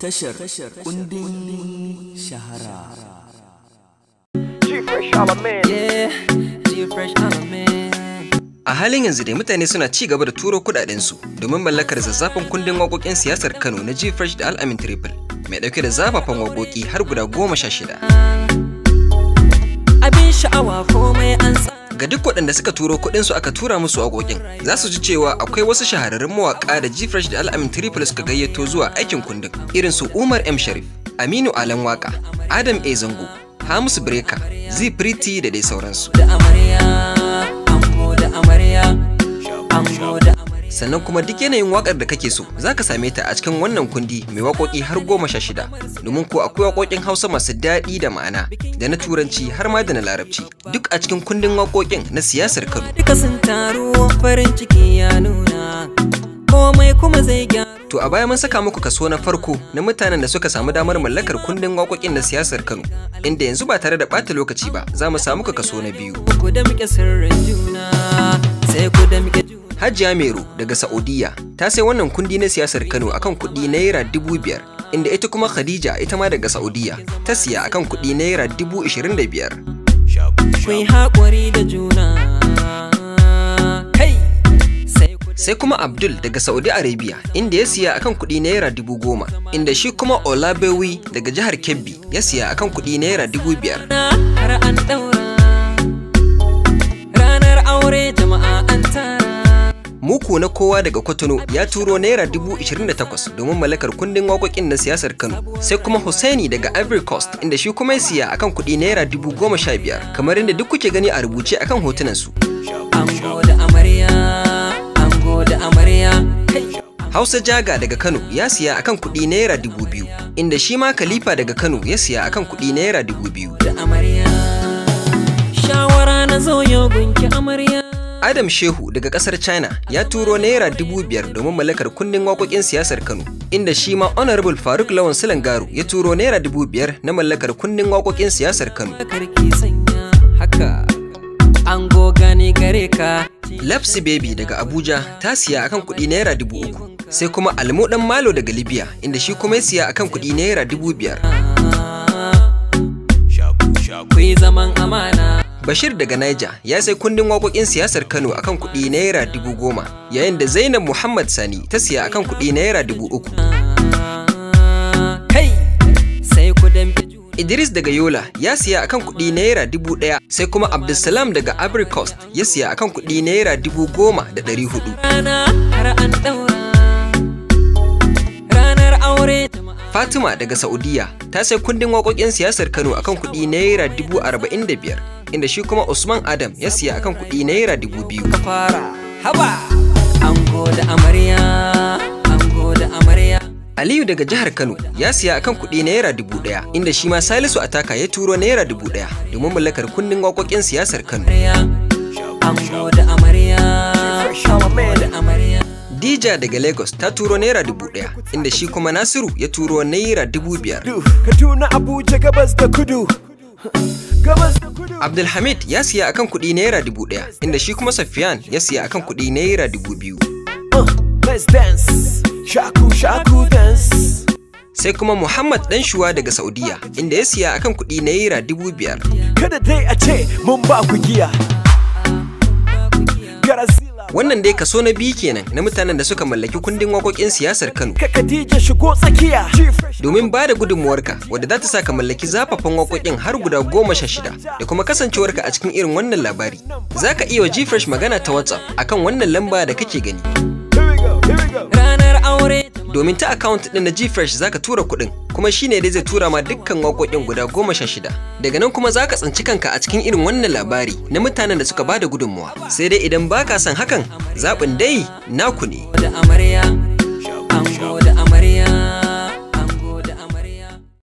tashar kundin shahara a halin yanzu dai mutane suna ci gaba da turo kudadensu domin mallakar zazzafin kundin waƙoƙin siyasar kano na gfresh da al'amin triple mai ɗauke da zafafan waƙoƙi har guda goma sha shida abin sha'awa komai an Ga duk waɗanda suka turo kuɗin su aka tura musu agogin, za su ji cewa akwai wasu shahararrun mawaƙa da gfresh da Al'amin Triple suka gayyato zuwa aikin kundin, irin su Umar M Sharif, Aminu Alan Waka, Adam A Zango, Hamus Breka, Z Pretty da dai sauransu. Da amarya, da amarya, sannan kuma duk yanayin wakar da kake so za ka same ta a cikin wannan kundi mai waƙoƙi har goma sha shida domin ko akwai waƙoƙin hausa masu daɗi da ma'ana da na turanci har ma da na larabci duk a cikin kundin wakokin na siyasar kano To a baya mun saka muku kaso na farko na mutanen da suka samu damar mallakar kundin wakokin na siyasar Kano, inda yanzu ba tare da ɓata lokaci ba za mu samu kaso na biyu. Sai Hajiya Mero daga Saudiya ta sai wannan kundi na siyasar Kano akan kuɗi naira dubu biyar inda ita kuma Khadija ita ma daga Saudiya ta siya akan kuɗi naira dubu ishirin da biyar. Sai kuma Abdul daga Saudi Arabia inda ya siya akan kuɗi naira dubu goma inda shi kuma Olabewi daga jihar Kebbi ya siya akan kuɗi naira dubu biyar. Muku na kowa daga Kotono ya turo naira dubu da takwas domin mallakar kundin waƙoƙin na siyasar Kano. Sai kuma Hussaini daga Ivory Coast inda shi kuma ya siya akan kuɗi naira dubu goma sha biyar kamar inda duk kuke gani a rubuce akan hotunan su. Hausa Jaga daga Kano ya siya akan kuɗi naira dubu biyu, inda shi ma Khalifa daga Kano ya siya akan kuɗi naira dubu biyu. shawara na zo yau gunki amarya. Adam Shehu daga kasar China ya turo naira dubu biyar domin mallakar kundin waƙoƙin siyasar Kano, inda shi ma Honorable Faruk Lawan Sulangaru ya turo naira dubu biyar na mallakar kundin waƙoƙin siyasar Kano. Lapsi Baby daga Abuja ta siya akan kuɗi naira dubu uku, sai kuma Almo ɗan Malo daga Libya inda shi kuma ya siya akan kuɗi naira dubu biyar. Ah, Bashir daga Niger ya sai kundin waƙoƙin siyasar Kano akan kuɗi naira dubu goma, yayin da Zainab Muhammad Sani ta siya akan kuɗi naira dubu uku. Idris daga Yola ya siya akan kuɗi naira dubu ɗaya, sai kuma Abdulsalam daga Abricost ya siya akan kuɗi naira dubu goma da ɗari hudu. Fatima daga Saudiya ta sai kundin waƙoƙin siyasar Kano akan kuɗi naira dubu arba'in da biyar. inda shi kuma Usman Adam ya siya akan kuɗi naira dubu biyu. Aliyu daga jihar Kano ya siya akan kuɗi naira dubu ɗaya inda shi ma Salisu Ataka ya turo naira dubu ɗaya domin mallakar kundin waƙoƙin siyasar Kano. Dija daga Lagos ta turo naira dubu ɗaya inda shi kuma Nasiru ya turo naira dubu biyar. Kaduna Abuja gabas da kudu. Abdulhamid ya siya akan kuɗi naira dubu ɗaya, inda shi kuma Safiyan ya siya akan kuɗi naira dubu biyu. Uh, Sai kuma Muhammad ɗan shuwa daga Saudiya, inda ya siya akan kuɗi naira dubu biyar. Kada dai a ce mun ba ku giya. Wannan dai kaso na biyu kenan na mutanen da suka mallaki kundin wakokin siyasar Kano. Domin ba da gudunmuwarka wadda za ta sa ka mallaki zafafan wakokin har guda goma sha shida da kuma kasancewarka a cikin irin wannan labari. Za ka iya wa G-Fresh magana ta WhatsApp akan wannan lamba da kake gani. domin ta account ɗin na gfresh zaka tura kuɗin kuma shine dai zai tura ma dukkan waƙoƙin guda goma sha shida daga nan kuma zaka tsinci kanka a cikin irin wannan labari na mutanen da suka bada gudunmuwa sai dai idan baka son hakan zaɓin dai naku ne. da amarya